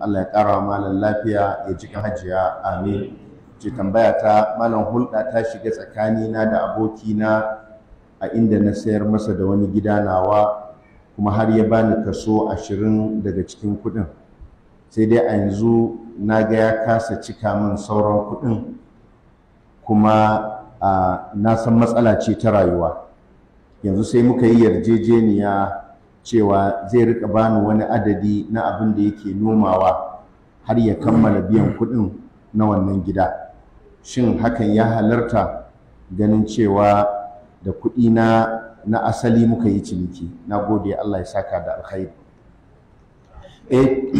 Allah ya ƙara malam lafiya ya jikin hajiya amin ce tambaya ta malam hulɗa ta shiga tsakanina da abokina a inda na sayar masa da wani gida nawa kuma har ya bani kaso ashirin daga cikin kuɗin sai dai a yanzu na ga ya kasa cika min sauran kuɗin kuma na san matsala ce ta rayuwa yanzu sai muka yi yarjejeniya cewa zai rika bani wani adadi na abin da yake nomawa har ya kammala biyan kuɗin na wannan gida shin hakan ya halarta ganin cewa da kuɗi na na asali muka yi ciniki na gode Allah ya saka da alkhairi eh,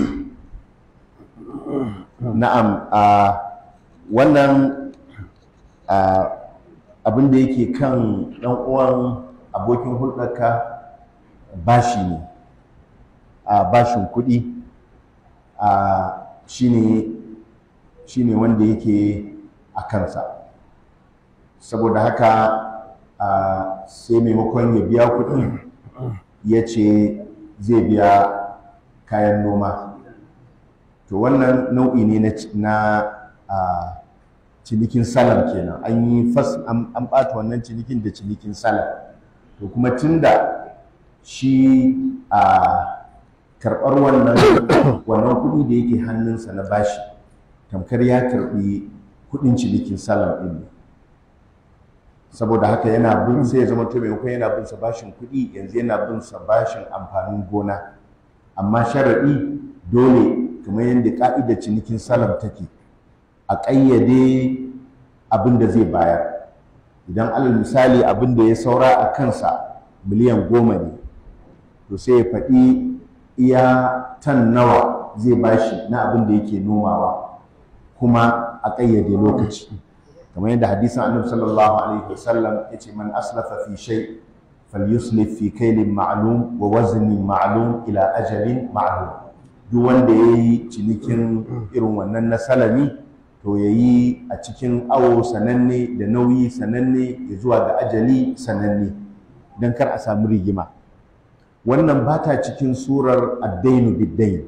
na'am a wannan abin da yake kan ɗan'uwan abokin hulɗarka bashi ne a bashin kuɗi a shi ne wanda yake a kansa saboda haka sai maimakon ya biya kuɗi ya ce zai biya kayan noma to wannan nau'i ne na cinikin salam kenan an yi fas an ɓata wannan cinikin da cinikin salam to kuma tunda shi a karɓar wannan wannan kuɗi da yake hannunsa na bashi tamkar ya karɓi kuɗin cinikin salam ɗin ne saboda haka yana bin sai ya zama to maimakon yana bin sa bashin kuɗi yanzu yana bin sa bashin amfanin gona amma sharaɗi dole kamar yadda ƙa'ida cinikin salam take a ƙayyade abin da zai bayar idan alal misali abin da ya saura a kansa miliyan goma ne to sai ya faɗi iya tan nawa zai bashi na abin da yake nomawa kuma a ƙayyade lokaci kamar yadda hadisin annabi sallallahu alaihi wasallam ya ce man aslafa fi shay falyuslif fi kailin ma'lum wa waznin ma'lum ila ajalin ma'lum duk wanda ya yi cinikin irin wannan na salami to ya yi a cikin awo sananne da nauyi sananne ya zuwa ga ajali sananne don kar a samu rigima wannan ba ta cikin surar addainu biddain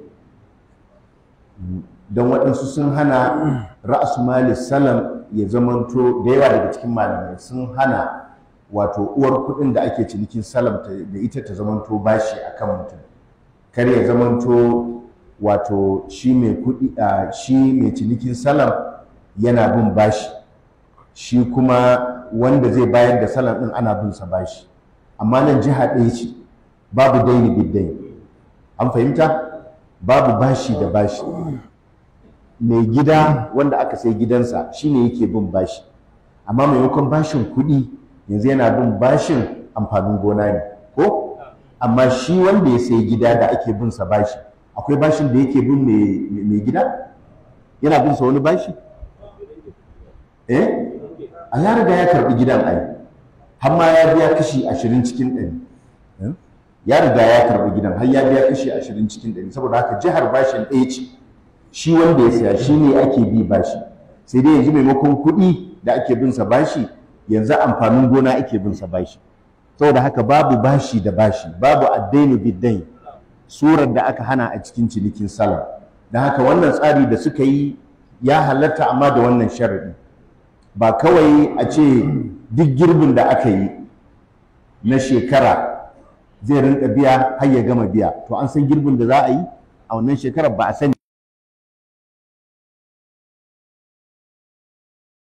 don waɗansu sun hana ra'asu mali salam ya zamanto da yawa daga cikin malamai sun hana wato uwar kuɗin da ake cinikin salam da ita ta zamanto bashi a kan mutum kar ya zamanto wato shi mai kuɗi a shi mai cinikin salam yana bin bashi shi kuma wanda zai bayar da salam ɗin ana bin sa bashi amma nan jiha ɗaya ce babu daini biddain an fahimta babu bashi da bashi mai gida wanda aka sai gidansa shine yake bin bashi amma maimakon bashin kuɗi yanzu yana bin bashin amfanin gona ne ko amma shi wanda ya sai gida da ake bin sa bashi akwai bashin da yake bin mai gida yana bin sa wani bashi eh a ya riga ya karbi gidan ai har ma ya biya kashi ashirin cikin ɗari eh? ya riga ya karɓi gidan har ya biya kashi ashirin cikin ɗari saboda haka jihar bashin ɗaya ce shi wanda ya siya shi ne ake bi bashi sai dai yanzu maimakon kuɗi da ake bin sa bashi yanzu amfanin gona ake bin sa bashi saboda haka babu bashi da bashi babu addainu biddai surar da aka hana a cikin cinikin salon. da haka wannan tsari da suka yi ya halatta amma da wannan sharadi ba kawai a ce duk girbin da aka yi na shekara zai rinka biya har ya gama biya to an san girbin da za a yi a wannan shekarar ba a sani